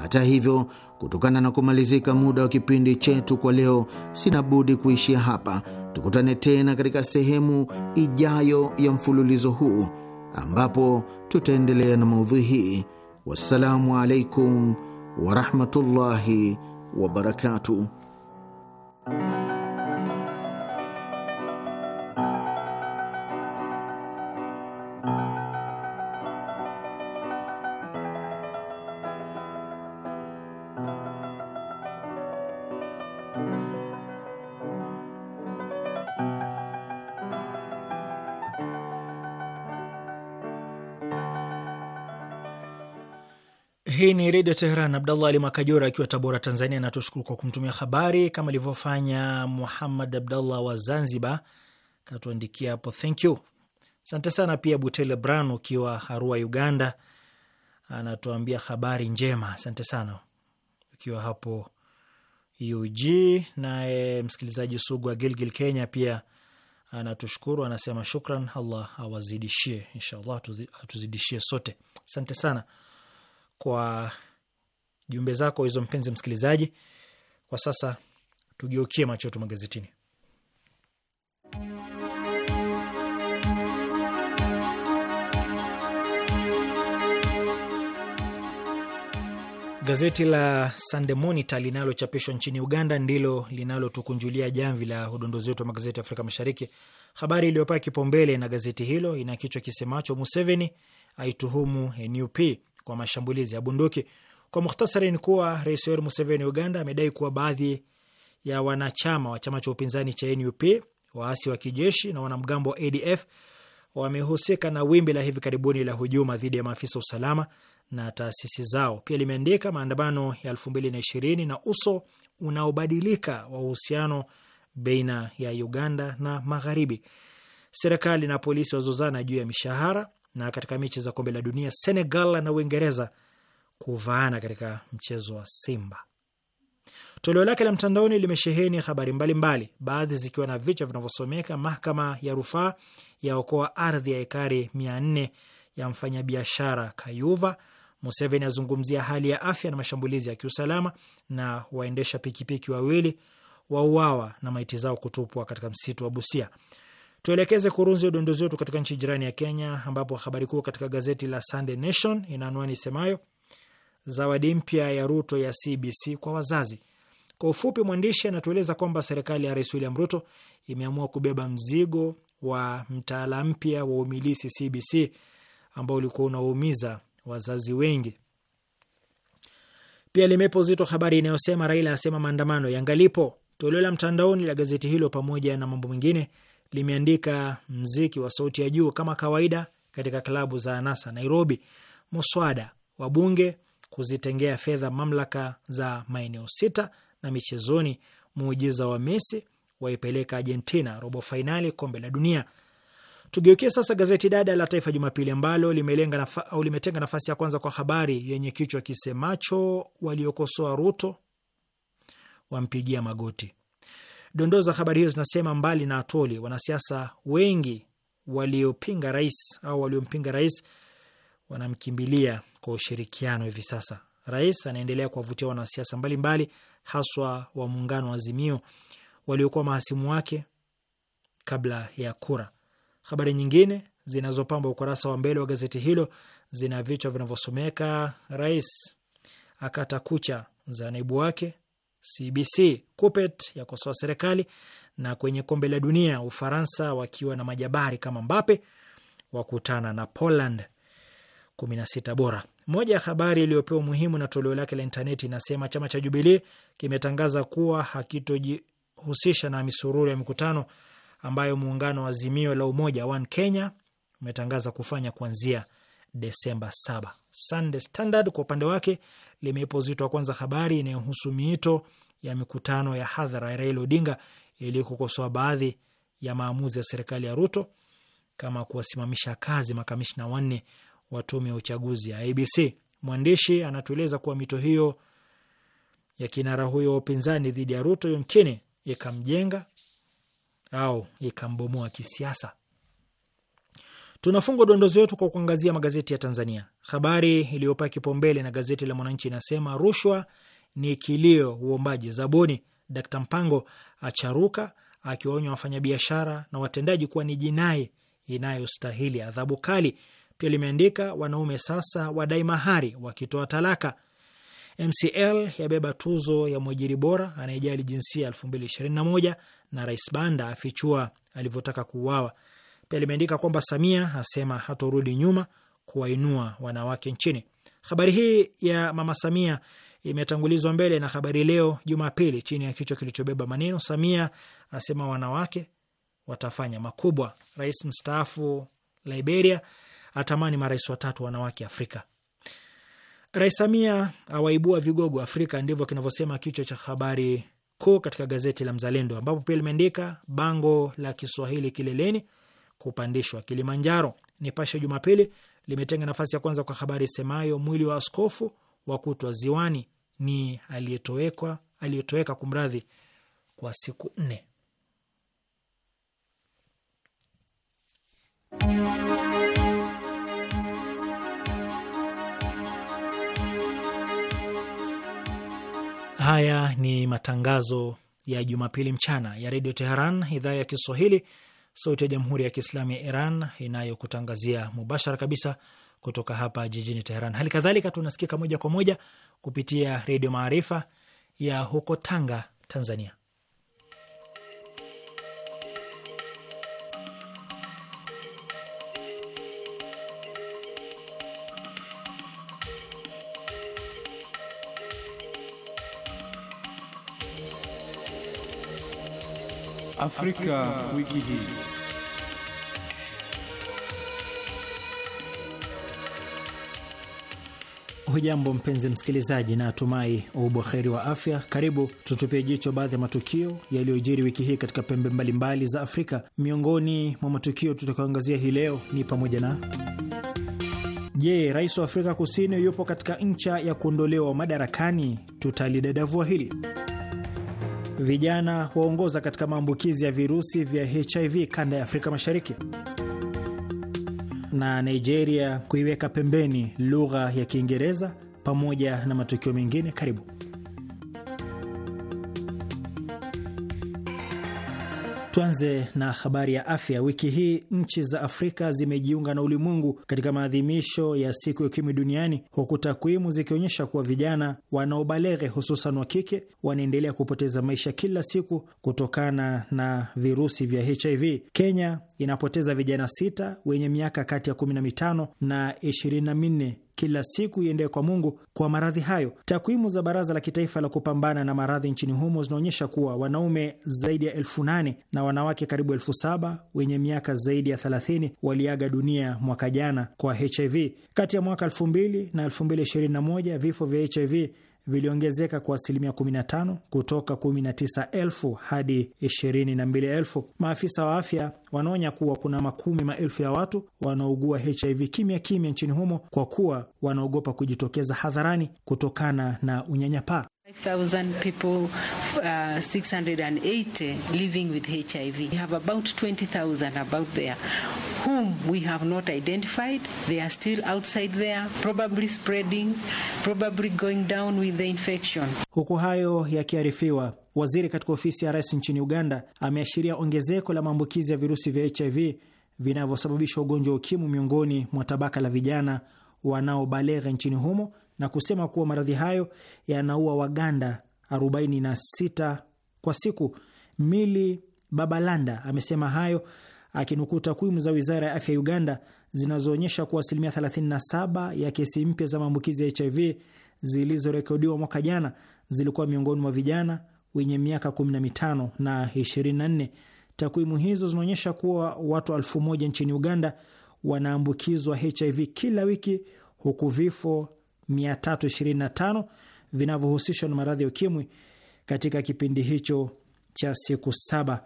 Hata hivyo, kutokana na kumalizika muda wa kipindi chetu kwa leo, sina budi kuishia hapa. Tukutane tena katika sehemu ijayo ya mfululizo huu ambapo tutaendelea na maudhui hii. Wassalamu alaikum warahmatullahi wabarakatuh. ni Redio Teheran. Abdallah Ali Makajora akiwa Tabora, Tanzania, natushukuru kwa kumtumia habari kama alivyofanya Muhammad Abdallah wa Zanzibar, katuandikia hapo, thank you. Asante sana pia Butele Bran ukiwa Harua, Uganda, anatuambia habari njema. Asante sana ukiwa hapo UG. Naye msikilizaji sugu wa Gilgil, Kenya, pia anatushukuru, anasema shukran. Allah awazidishie, inshallah atuzidishie sote. Asante sana kwa jumbe zako hizo, mpenzi msikilizaji. Kwa sasa tugeukie macho yetu magazetini. Gazeti la Sunday Monitor linalochapishwa nchini Uganda ndilo linalotukunjulia jamvi la udondozi wetu wa magazeti ya Afrika Mashariki. Habari iliyopaa kipaumbele na gazeti hilo ina kichwa kisemacho Museveni aituhumu NUP kwa mashambulizi ya bunduki. Kwa mukhtasari, ni kuwa Rais Yoweri Museveni Uganda amedai kuwa baadhi ya wanachama wa chama cha upinzani cha NUP, waasi wa kijeshi na wanamgambo wa ADF wamehusika na wimbi la hivi karibuni la hujuma dhidi ya maafisa usalama na taasisi zao. Pia limeandika maandamano ya elfu mbili na ishirini na uso unaobadilika wa uhusiano baina ya Uganda na Magharibi. Serikali na polisi wazozana juu ya mishahara na katika mechi za kombe la dunia Senegal na Uingereza kuvaana katika mchezo wa Simba. Toleo lake la mtandaoni limesheheni habari mbalimbali, baadhi zikiwa na vichwa vinavyosomeka: mahakama ya rufaa yaokoa ardhi ya ekari mia nne ya mfanyabiashara Kayuva, Museveni azungumzia hali ya afya na mashambulizi ya kiusalama, na waendesha pikipiki wawili wauawa na maiti zao kutupwa katika msitu wa Busia. Tuelekeze kurunzi udondozi wetu katika nchi jirani ya Kenya, ambapo habari kuu katika gazeti la Sunday Nation ina anwani zawadi mpya ya Ruto ya CBC kwa wazazi. Kwa ufupi, mwandishi anatueleza kwamba serikali ya Rais William Ruto imeamua kubeba mzigo wa mtaala mpya wa umilisi CBC ambao ulikuwa unaumiza wazazi wengi. Pia limepo zito habari inayosema Raila asema maandamano yangalipo. Toleo la mtandaoni la gazeti hilo pamoja na mambo mengine limeandika mziki wa sauti ya juu kama kawaida katika klabu za anasa Nairobi. Muswada wa bunge kuzitengea fedha mamlaka za maeneo sita. Na michezoni, muujiza wa Messi waipeleka Argentina robo fainali kombe la dunia. Tugeukie sasa gazeti dada la Taifa Jumapili ambalo limelenga nafa, au limetenga nafasi ya kwanza kwa habari yenye kichwa kisemacho waliokosoa Ruto wampigia magoti. Dondoo za habari hiyo zinasema mbali na Atoli, wanasiasa wengi waliopinga rais au waliompinga rais wanamkimbilia kwa ushirikiano hivi sasa. Rais anaendelea kuwavutia wanasiasa mbalimbali, haswa wa muungano wa Azimio waliokuwa mahasimu wake kabla ya kura. Habari nyingine zinazopamba ukurasa wa mbele wa gazeti hilo zina vichwa vinavyosomeka: rais akata kucha za naibu wake, CBC. Kupet yakosoa serikali, na kwenye kombe la dunia Ufaransa wakiwa na majabari kama Mbape wakutana na Poland 16 bora. Moja ya habari iliyopewa umuhimu na toleo lake la intaneti inasema chama cha Jubilee kimetangaza kuwa hakitojihusisha na misururu ya mikutano ambayo muungano wa Azimio la Umoja One Kenya umetangaza kufanya kuanzia Desemba 7. Sunday Standard kwa upande wake limeipa uzito wa kwanza habari inayohusu miito ya mikutano ya hadhara ya Raila Odinga ili kukosoa baadhi ya maamuzi ya serikali ya Ruto kama kuwasimamisha kazi makamishna wanne wa tume ya uchaguzi ya ABC. Mwandishi anatueleza kuwa mito hiyo ya kinara huyo wa upinzani dhidi ya Ruto yomkini ikamjenga au ikambomoa kisiasa. Tunafunga udondozi wetu kwa kuangazia magazeti ya Tanzania. Habari iliyopaa kipaumbele na gazeti la Mwananchi inasema rushwa ni kilio, uombaji zabuni. Dkt Mpango acharuka akiwaonya wafanyabiashara na watendaji kuwa ni jinai inayostahili adhabu kali. Pia limeandika wanaume sasa wadai mahari wakitoa talaka. MCL yabeba tuzo ya mwajiri bora anayejali jinsia 2021 na Rais Banda afichua alivyotaka kuuawa. Pia limeandika kwamba Samia asema hatorudi nyuma kuwainua wanawake nchini. Habari hii ya mama Samia imetangulizwa mbele na Habari Leo Jumapili chini ya kichwa kilichobeba maneno Samia asema wanawake watafanya makubwa. Rais mstaafu Liberia atamani marais watatu wanawake Afrika. Rais Samia awaibua vigogo Afrika, ndivyo kinavyosema kichwa cha habari kuu katika gazeti la Mzalendo, ambapo pia limeandika bango la Kiswahili kileleni kupandishwa Kilimanjaro. Nipashe Jumapili limetenga nafasi ya kwanza kwa habari semayo mwili wa askofu wa kutwa ziwani ni aliyetoweka aliyetoweka kumradhi kwa siku nne. Haya ni matangazo ya Jumapili mchana ya Redio Teheran, idhaa ya Kiswahili, sauti ya jamhuri ya kiislamu ya Iran inayokutangazia mubashara kabisa kutoka hapa jijini Teheran. Hali kadhalika tunasikika moja kwa moja kupitia Redio Maarifa ya huko Tanga, Tanzania. Afrika, Afrika wiki hii. Hujambo mpenzi msikilizaji, na atumai ubuheri wa afya. Karibu tutupie jicho baadhi ya matukio yaliyojiri wiki hii katika pembe mbalimbali mbali za Afrika. Miongoni mwa matukio tutakayoangazia hii leo ni pamoja na Je, rais wa Afrika Kusini yupo katika ncha ya kuondolewa madarakani? Tutalidadavua hili. Vijana waongoza katika maambukizi ya virusi vya HIV kanda ya Afrika Mashariki na Nigeria kuiweka pembeni lugha ya Kiingereza pamoja na matukio mengine. Karibu. Tuanze na habari ya afya. Wiki hii nchi za Afrika zimejiunga na ulimwengu katika maadhimisho ya siku ya ukimwi duniani, huku takwimu zikionyesha kuwa vijana wanaobaleghe, hususan wa kike, wanaendelea kupoteza maisha kila siku kutokana na virusi vya HIV. Kenya inapoteza vijana sita wenye miaka kati ya 15 na 24 kila siku iendee kwa Mungu kwa maradhi hayo. Takwimu za Baraza la Kitaifa la Kupambana na Maradhi nchini humo zinaonyesha kuwa wanaume zaidi ya elfu nane na wanawake karibu elfu saba wenye miaka zaidi ya 30 waliaga dunia mwaka jana kwa HIV. Kati ya mwaka 2000 na 2021 vifo vya HIV viliongezeka kwa asilimia 15 kutoka 19,000 hadi 22,000. Maafisa wa afya wanaonya kuwa kuna makumi maelfu ya watu wanaougua HIV kimya kimya nchini humo kwa kuwa wanaogopa kujitokeza hadharani kutokana na unyanyapaa. 5,000 people, uh, 680 living with HIV. We have about 20,000 about there whom we have not identified. They are still outside there, probably spreading, probably going down with the infection. Huku hayo yakiarifiwa, waziri katika ofisi ya rais nchini Uganda ameashiria ongezeko la maambukizi ya virusi vya HIV vinavyosababisha ugonjwa wa ukimwi miongoni mwa tabaka la vijana wanaobalegha nchini humo na kusema kuwa maradhi hayo yanaua Waganda 46 kwa siku. Mili Babalanda amesema hayo akinukuu takwimu za wizara ya afya ya Uganda zinazoonyesha kuwa asilimia 37 ya kesi mpya za maambukizi ya HIV zilizorekodiwa mwaka jana zilikuwa miongoni mwa vijana wenye miaka 15 na 24. Takwimu hizo zinaonyesha kuwa watu elfu moja nchini Uganda wanaambukizwa HIV kila wiki huku vifo 325 vinavyohusishwa na maradhi ya ukimwi katika kipindi hicho cha siku saba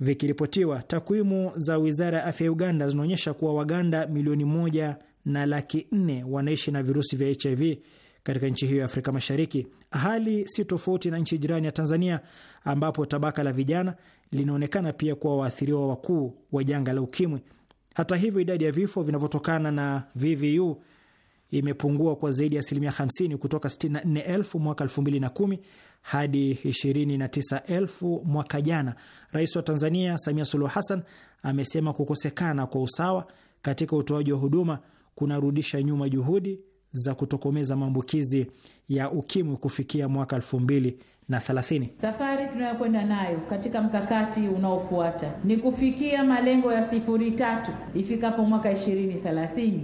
vikiripotiwa. Takwimu za wizara ya afya ya Uganda zinaonyesha kuwa Waganda milioni moja na laki nne wanaishi na virusi vya HIV katika nchi hiyo ya Afrika Mashariki. Hali si tofauti na nchi jirani ya Tanzania, ambapo tabaka la vijana linaonekana pia kuwa waathiriwa wakuu wa janga la ukimwi. Hata hivyo, idadi ya vifo vinavyotokana na VVU imepungua kwa zaidi ya asilimia 50 kutoka 64,000 mwaka 2010 hadi 29,000 mwaka jana. Rais wa Tanzania Samia Suluhu Hassan amesema kukosekana kwa usawa katika utoaji wa huduma kunarudisha nyuma juhudi za kutokomeza maambukizi ya ukimwi kufikia mwaka 2030. Safari tunayokwenda nayo katika mkakati unaofuata ni kufikia malengo ya sifuri tatu ifikapo mwaka 2030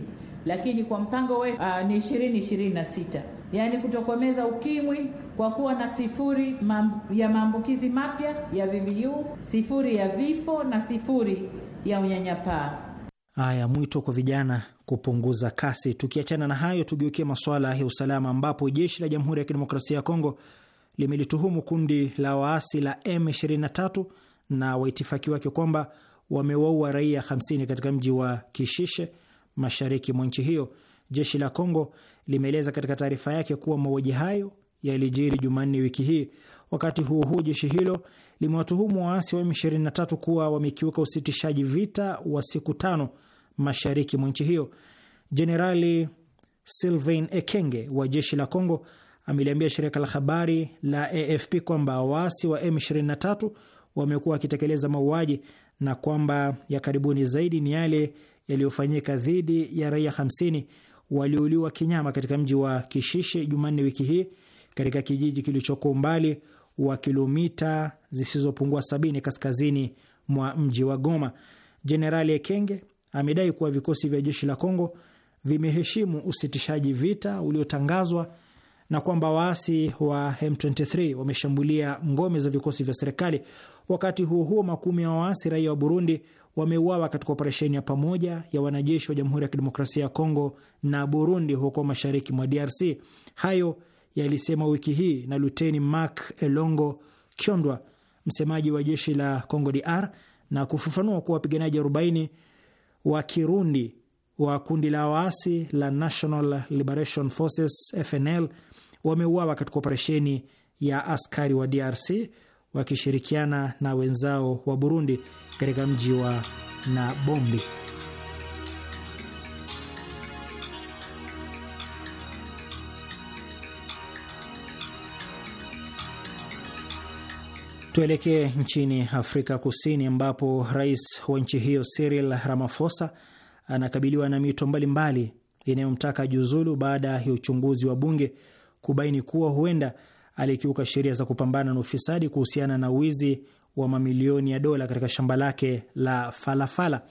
lakini kwa mpango wetu uh, ni ishirini ishirini na sita yaani kutokomeza ukimwi kwa kuwa na sifuri mam, ya maambukizi mapya ya VVU, sifuri ya vifo na sifuri ya unyanyapaa. Haya, mwito kwa vijana kupunguza kasi. Tukiachana na hayo, tugeukie masuala ya usalama, ambapo jeshi la Jamhuri ya Kidemokrasia ya Kongo limelituhumu kundi la waasi la M23 na waitifaki wake kwamba wamewaua raia 50 katika mji wa Kishishe mashariki mwa nchi hiyo. Jeshi la Kongo limeeleza katika taarifa yake kuwa mauaji hayo yalijiri Jumanne wiki hii. Wakati huo huo, jeshi hilo limewatuhumu waasi wa M23 kuwa wamekiuka usitishaji vita wa siku tano mashariki mwa nchi hiyo. Jenerali Sylvain Ekenge wa jeshi la Kongo ameliambia shirika la habari la AFP kwamba waasi wa M23 wamekuwa wakitekeleza mauaji na kwamba ya karibuni zaidi ni yale yaliyofanyika dhidi ya raia 50 waliouliwa kinyama katika mji wa Kishishe Jumanne wiki hii katika kijiji kilichoko umbali wa kilomita zisizopungua sabini kaskazini mwa mji wa Goma. Jenerali Ekenge amedai kuwa vikosi vya jeshi la Kongo vimeheshimu usitishaji vita uliotangazwa na kwamba waasi wa M23 wameshambulia ngome za vikosi vya serikali. Wakati huo huo, makumi ya waasi raia wa Burundi wameuawa katika operesheni ya pamoja ya wanajeshi wa Jamhuri ya Kidemokrasia ya Kongo na Burundi huko mashariki mwa DRC. Hayo yalisema wiki hii na Luteni Mark Elongo Kyondwa, msemaji wa jeshi la Kongo DR, na kufafanua kuwa wapiganaji 40 wa Kirundi wa kundi la waasi la National Liberation Forces FNL wameuawa katika operesheni ya askari wa DRC wakishirikiana na wenzao wa Burundi katika mji wa Nabombi. Tuelekee nchini Afrika Kusini ambapo rais wa nchi hiyo Cyril Ramaphosa anakabiliwa na mito mbalimbali inayomtaka juzulu baada ya uchunguzi wa bunge kubaini kuwa huenda alikiuka sheria za kupambana na ufisadi kuhusiana na wizi wa mamilioni ya dola katika shamba lake la falafala.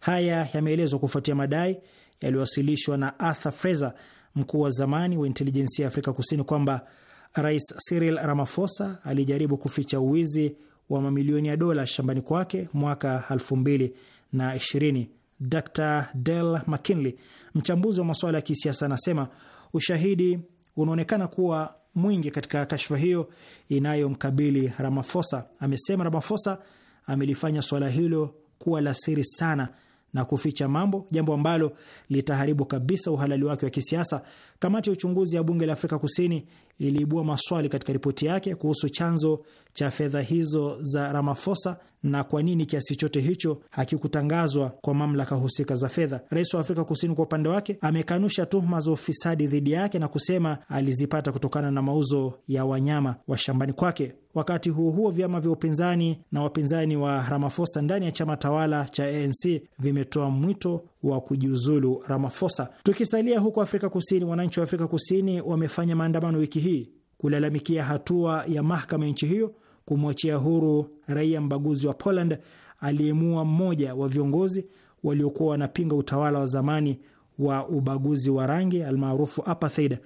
Haya yameelezwa kufuatia madai yaliyowasilishwa na Arthur Fraser, mkuu wa zamani wa intelijensia ya Afrika Kusini, kwamba Rais Cyril Ramaphosa alijaribu kuficha uwizi wa mamilioni ya dola shambani kwake mwaka 2020. Dr Del McKinley, mchambuzi wa masuala ya kisiasa, anasema ushahidi unaonekana kuwa mwingi katika kashfa hiyo inayomkabili ramafosa Amesema ramafosa amelifanya suala hilo kuwa la siri sana na kuficha mambo, jambo ambalo litaharibu kabisa uhalali wake wa kisiasa. Kamati ya uchunguzi ya bunge la Afrika Kusini iliibua maswali katika ripoti yake kuhusu chanzo cha fedha hizo za Ramaphosa na kwa nini kiasi chote hicho hakikutangazwa kwa mamlaka husika za fedha. Rais wa Afrika Kusini kwa upande wake amekanusha tuhuma za ufisadi dhidi yake na kusema alizipata kutokana na mauzo ya wanyama wa shambani kwake. Wakati huo huo, vyama vya upinzani na wapinzani wa Ramaphosa ndani ya chama tawala cha ANC vimetoa mwito wa kujiuzulu Ramaphosa. Tukisalia huko Afrika Kusini, wananchi wa Afrika Kusini wamefanya maandamano wiki hii kulalamikia hatua ya mahakama ya nchi hiyo kumwachia huru raia mbaguzi wa Poland aliyemua mmoja wa viongozi waliokuwa wanapinga utawala wa zamani wa ubaguzi wa rangi almaarufu apartheid.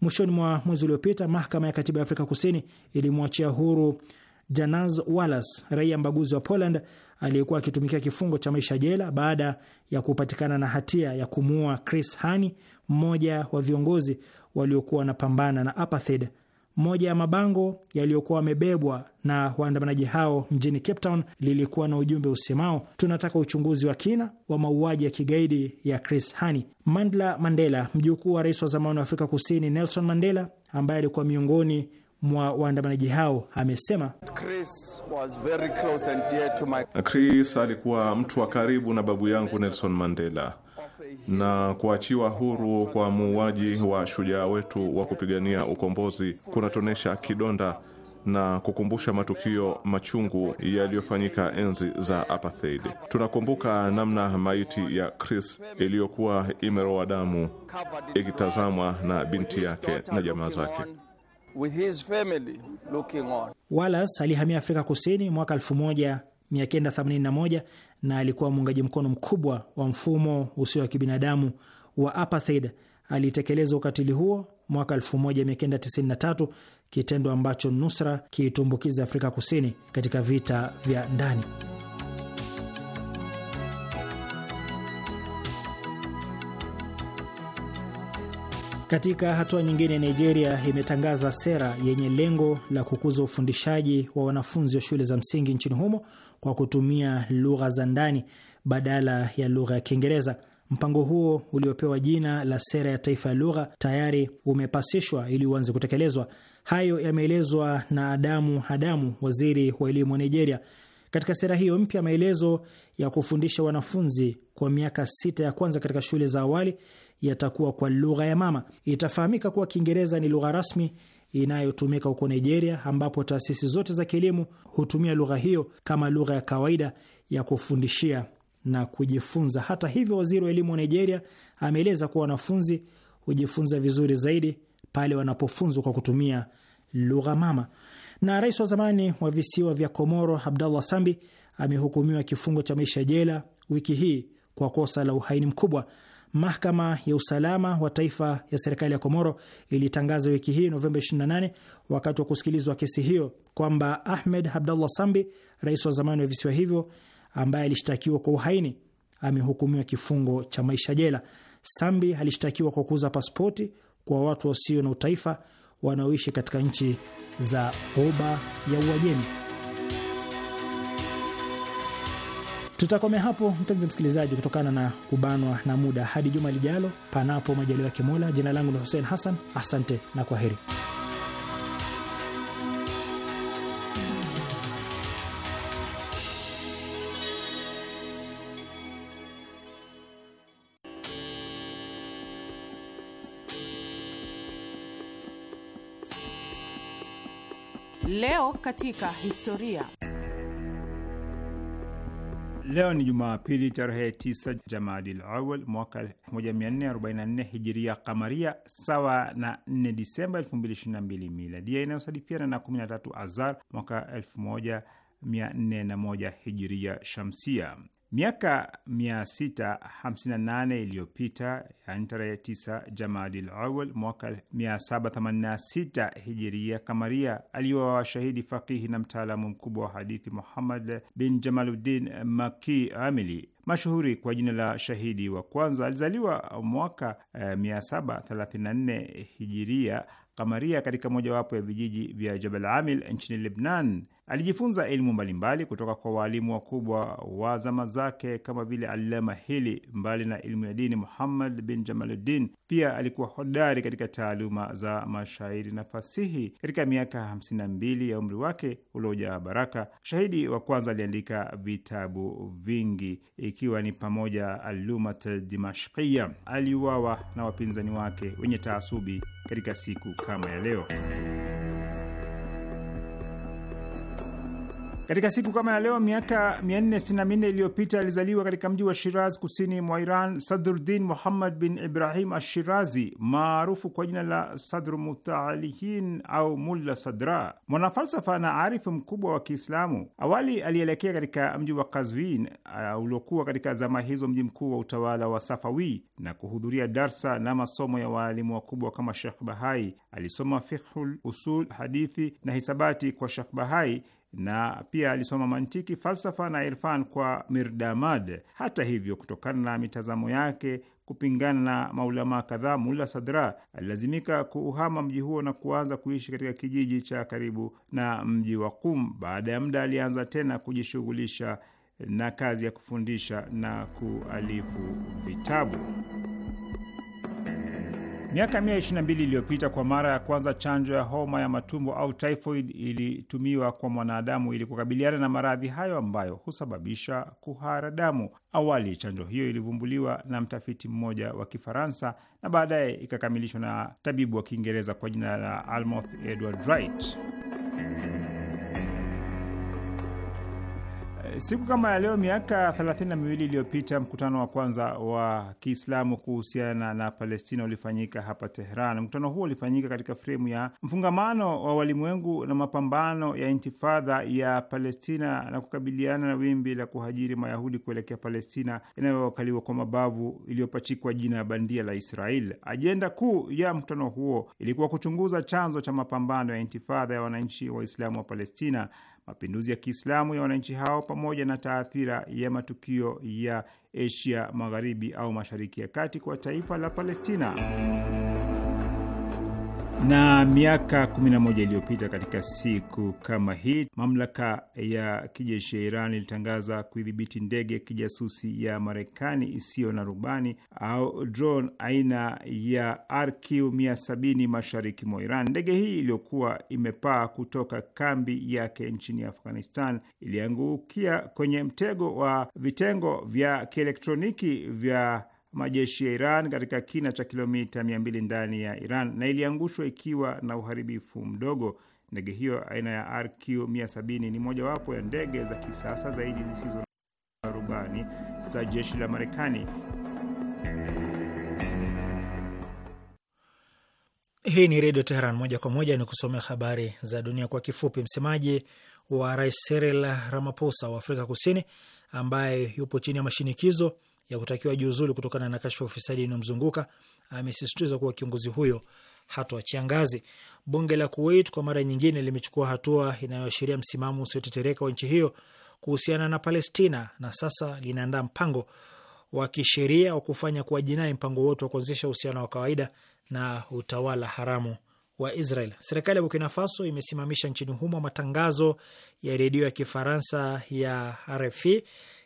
Mwishoni mwa mwezi uliopita, mahakama ya katiba ya Afrika Kusini ilimwachia huru Janaz Wallace, raia mbaguzi wa Poland aliyekuwa akitumikia kifungo cha maisha jela baada ya kupatikana na hatia ya kumuua Chris Hani, mmoja wa viongozi waliokuwa wanapambana na apartheid. Moja ya mabango yaliyokuwa wamebebwa na waandamanaji hao mjini Cape Town lilikuwa na ujumbe usemao tunataka uchunguzi wa kina wa mauaji ya kigaidi ya Chris Hani. Mandla Mandela, mjukuu wa rais wa zamani wa Afrika Kusini Nelson Mandela, ambaye alikuwa miongoni mwa waandamanaji hao amesema Chris, was very close and dear to my... Chris alikuwa mtu wa karibu na babu yangu Nelson Mandela na kuachiwa huru kwa muuaji wa shujaa wetu wa kupigania ukombozi kunatonesha kidonda na kukumbusha matukio machungu yaliyofanyika enzi za apartheid. Tunakumbuka namna maiti ya Chris iliyokuwa imeroa damu ikitazamwa na binti yake na jamaa zake. Wallace alihamia Afrika Kusini mwaka 1981 na alikuwa muungaji mkono mkubwa wa mfumo usio wa kibinadamu wa apartheid, alitekeleza ukatili huo mwaka 1993, kitendo ambacho nusra kiitumbukiza Afrika Kusini katika vita vya ndani. Katika hatua nyingine, Nigeria imetangaza sera yenye lengo la kukuza ufundishaji wa wanafunzi wa shule za msingi nchini humo kwa kutumia lugha za ndani badala ya lugha ya Kiingereza. Mpango huo uliopewa jina la sera ya taifa ya lugha tayari umepasishwa ili uanze kutekelezwa. Hayo yameelezwa na Adamu Adamu, waziri wa elimu wa Nigeria. Katika sera hiyo mpya, maelezo ya kufundisha wanafunzi kwa miaka sita ya kwanza katika shule za awali yatakuwa kwa lugha ya mama. Itafahamika kuwa Kiingereza ni lugha rasmi inayotumika huko Nigeria, ambapo taasisi zote za kielimu hutumia lugha hiyo kama lugha ya kawaida ya kufundishia na kujifunza. Hata hivyo, waziri wa elimu wa Nigeria ameeleza kuwa wanafunzi hujifunza vizuri zaidi pale wanapofunzwa kwa kutumia lugha mama. Na rais wa zamani wa visiwa vya Komoro Abdallah Sambi amehukumiwa kifungo cha maisha jela wiki hii kwa kosa la uhaini mkubwa. Mahakama ya usalama wa taifa ya serikali ya Komoro ilitangaza wiki hii Novemba 28 wakati wa kusikilizwa kesi hiyo kwamba Ahmed Abdallah Sambi, rais wa zamani wa visiwa hivyo, ambaye alishtakiwa kwa uhaini, amehukumiwa kifungo cha maisha jela. Sambi alishtakiwa kwa kuuza pasipoti kwa watu wasio na utaifa wanaoishi katika nchi za Ghuba ya Uajemi. Tutakomea hapo mpenzi msikilizaji, kutokana na kubanwa na muda. Hadi juma lijalo, panapo majaliwa ya Mola. Jina langu ni Hussein Hassan, asante na kwa heri. Leo katika historia Leo ni Jumapili tarehe 9 Jamadil Awal mwaka 1444 hijiria kamaria, sawa na 4 Disemba 2022 miladia, inayosadifiana na 13 Azar mwaka 1401 hijiria shamsia. Miaka 658 iliyopita, yani tarehe 9 Jamadil Awal mwaka 786 hijiria kamaria, aliwa washahidi fakihi na mtaalamu mkubwa wa hadithi Muhammad bin Jamaluddin Maki Amili mashuhuri kwa jina la Shahidi wa Kwanza. Alizaliwa mwaka 734 eh, hijiria kamaria katika mojawapo ya vijiji vya Jabal Amil nchini Lebnan. Alijifunza elimu mbalimbali kutoka kwa waalimu wakubwa wa zama zake kama vile Allama Hili. Mbali na elimu ya dini, Muhammad bin Jamaluddin pia alikuwa hodari katika taaluma za mashairi na fasihi. Katika miaka 52 mbili ya umri wake uliojaa baraka, shahidi wa kwanza aliandika vitabu vingi, ikiwa ni pamoja Alumat Dimashkia. Aliuawa na wapinzani wake wenye taasubi katika siku kama ya leo. Katika siku kama ya leo miaka 464 iliyopita alizaliwa katika mji wa Shiraz kusini mwa Iran Sadruddin Muhammad bin Ibrahim Ashirazi maarufu kwa jina la Sadru Mutaalihin au Mulla Sadra, mwanafalsafa na arifu mkubwa wa Kiislamu. Awali alielekea katika mji wa Kazvin uh, uliokuwa katika zama hizo mji mkuu wa utawala wa Safawi na kuhudhuria darsa na masomo ya waalimu wakubwa kama Shekh Bahai. Alisoma fikhul usul, hadithi na hisabati kwa Shekh Bahai na pia alisoma mantiki, falsafa na irfan kwa Mirdamad. Hata hivyo, kutokana na mitazamo yake kupingana na maulamaa kadhaa, Mulla Sadra alilazimika kuuhama mji huo na kuanza kuishi katika kijiji cha karibu na mji wa Kum. Baada ya muda, alianza tena kujishughulisha na kazi ya kufundisha na kualifu vitabu. Miaka mbili iliyopita kwa mara ya kwanza chanjo ya homa ya matumbo au typhoid ilitumiwa kwa mwanadamu ili kukabiliana na maradhi hayo ambayo husababisha kuhara damu. Awali chanjo hiyo ilivumbuliwa na mtafiti mmoja wa Kifaransa na baadaye ikakamilishwa na tabibu wa Kiingereza kwa jina la almoth Edward Wright. Siku kama ya leo miaka thelathini na miwili iliyopita mkutano wa kwanza wa Kiislamu kuhusiana na Palestina ulifanyika hapa Tehran. Mkutano huo ulifanyika katika fremu ya mfungamano wa walimwengu na mapambano ya intifadha ya Palestina na kukabiliana na wimbi la kuhajiri Mayahudi kuelekea Palestina inayokaliwa kwa mabavu iliyopachikwa jina ya bandia la Israel. Ajenda kuu ya mkutano huo ilikuwa kuchunguza chanzo cha mapambano ya intifadha ya wananchi Waislamu wa Palestina mapinduzi ya Kiislamu ya wananchi hao pamoja na taathira ya matukio ya Asia Magharibi au Mashariki ya Kati kwa taifa la Palestina. Na miaka 11 iliyopita katika siku kama hii, mamlaka ya kijeshi ya Iran ilitangaza kuidhibiti ndege ya kijasusi ya Marekani isiyo na rubani au drone aina ya RQ 170 mashariki mwa Iran. Ndege hii iliyokuwa imepaa kutoka kambi yake nchini Afghanistan iliangukia kwenye mtego wa vitengo vya kielektroniki vya majeshi ya Iran katika kina cha kilomita 200 ndani ya Iran na iliangushwa ikiwa na uharibifu mdogo. Ndege hiyo aina ya RQ 170 ni mojawapo ya ndege za kisasa zaidi zisizo na rubani za jeshi la Marekani. Hii ni Redio Teheran moja kwa moja. Ni kusomea habari za dunia kwa kifupi. Msemaji wa rais Cyril Ramaphosa wa Afrika Kusini ambaye yupo chini ya mashinikizo ya kutakiwa jiuzulu kutokana na kashfa ya ufisadi inayomzunguka amesisitiza kuwa kiongozi huyo hatoachia ngazi. Bunge la Kuwait kwa mara nyingine limechukua hatua inayoashiria msimamo usiotetereka wa nchi hiyo kuhusiana na Palestina na sasa linaandaa mpango wa kisheria wa kufanya kuwa jinai mpango wote wa kuanzisha uhusiano wa kawaida na utawala haramu wa Israel. Serikali ya Burkina Faso imesimamisha nchini humo matangazo ya redio ya Kifaransa ya RFI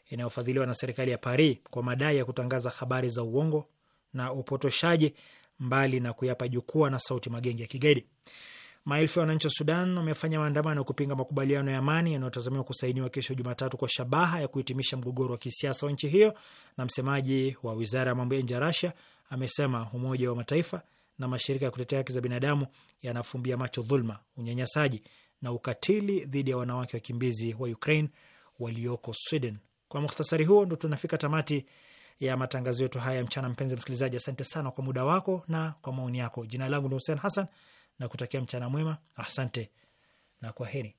inayofadhiliwa na serikali ya Paris kwa madai ya kutangaza habari za uongo na upotoshaji, mbali na kuyapa jukwaa na sauti magenge ya kigaidi. Maelfu ya wananchi wa Sudan wamefanya maandamano ya kupinga makubaliano ya amani yanayotazamiwa kusainiwa kesho Jumatatu kwa shabaha ya kuhitimisha mgogoro wa kisiasa wa nchi hiyo, na msemaji wa wizara ya mambo ya nje ya Rasia amesema Umoja wa Mataifa na mashirika ya kutetea haki za binadamu yanafumbia macho dhulma, unyanyasaji na ukatili dhidi ya wanawake wakimbizi wa Ukraine walioko Sweden. Kwa mukhtasari huo, ndo tunafika tamati ya matangazo yetu haya mchana. Mpenzi msikilizaji, asante sana kwa muda wako na kwa maoni yako. Jina langu ni Hussein Hassan na kutakia mchana mwema. Asante na kwa heri.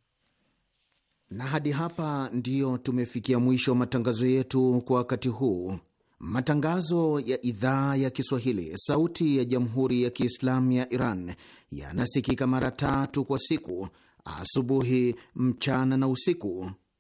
Na hadi hapa ndiyo tumefikia mwisho wa matangazo yetu kwa wakati huu. Matangazo ya idhaa ya Kiswahili, sauti ya jamhuri ya kiislamu ya Iran yanasikika mara tatu kwa siku: asubuhi, mchana na usiku.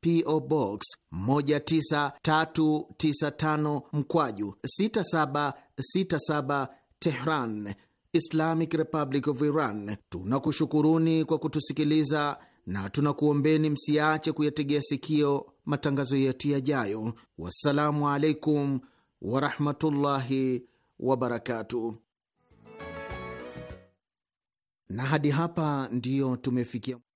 PO Box 19395 mkwaju 6767 Tehran, Islamic Republic of Iran. Tunakushukuruni kwa kutusikiliza na tunakuombeni msiache kuyategea sikio matangazo yetu yajayo. Wassalamu alaikum warahmatullahi wabarakatuh. Na hadi hapa ndiyo tumefikia.